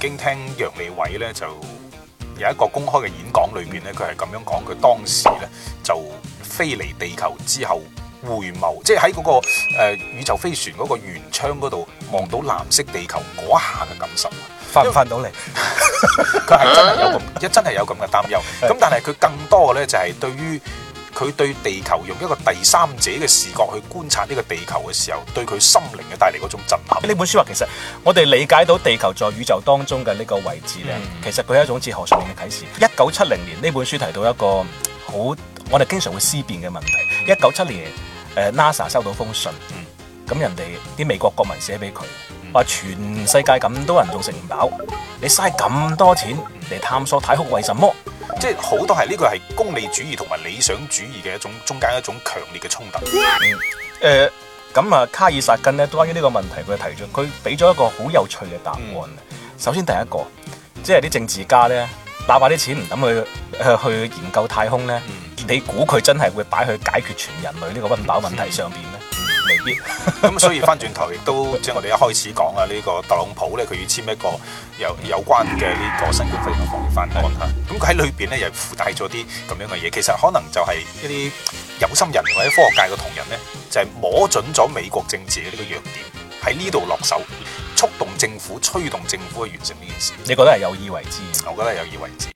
經聽楊利偉咧就有一個公開嘅演講裏面，咧，佢係咁樣講，佢當時咧就飛離地球之後回眸，即係喺嗰個誒、呃、宇宙飛船嗰個舷窗嗰度望到藍色地球嗰下嘅感受，發唔發到嚟？佢係為 真係有咁一 真係有咁嘅擔憂，咁 但係佢更多嘅咧就係、是、對於。佢對地球用一個第三者嘅視角去觀察呢個地球嘅時候，對佢心靈嘅帶嚟嗰種震撼。呢本書話其實我哋理解到地球在宇宙當中嘅呢個位置咧，嗯、其實佢係一種哲學上面嘅啟示。一九七零年呢本書提到一個好我哋經常會思辨嘅問題。一九七零年 NASA 收到封信，咁、嗯、人哋啲美國國民寫俾佢話：嗯、全世界咁多人仲食唔飽，你嘥咁多錢嚟探索太空為什麼？即係好多係呢個係功利主義同埋理想主義嘅一種中間一種強烈嘅衝突。誒、嗯，咁、呃、啊，卡爾薩根咧，都關於呢個問題佢提出佢俾咗一個好有趣嘅答案。嗯、首先第一個，即係啲政治家咧，哪怕啲錢唔敢去、呃、去研究太空咧，嗯、你估佢真係會擺去解決全人類呢個溫飽問題上邊？嗯嗯嗯嗯嗯未必咁，所以翻轉頭亦都即係我哋一開始講啊，呢個特朗普咧，佢要簽一個有有關嘅呢個新冠肺炎防疫方案。咁佢喺裏邊咧又附帶咗啲咁樣嘅嘢。其實可能就係一啲有心人或者科學界嘅同仁咧，就係摸準咗美國政治嘅呢個弱點，喺呢度落手，觸動政府、推動政府去完成呢件事。你覺得係有意為之？我覺得係有意為之。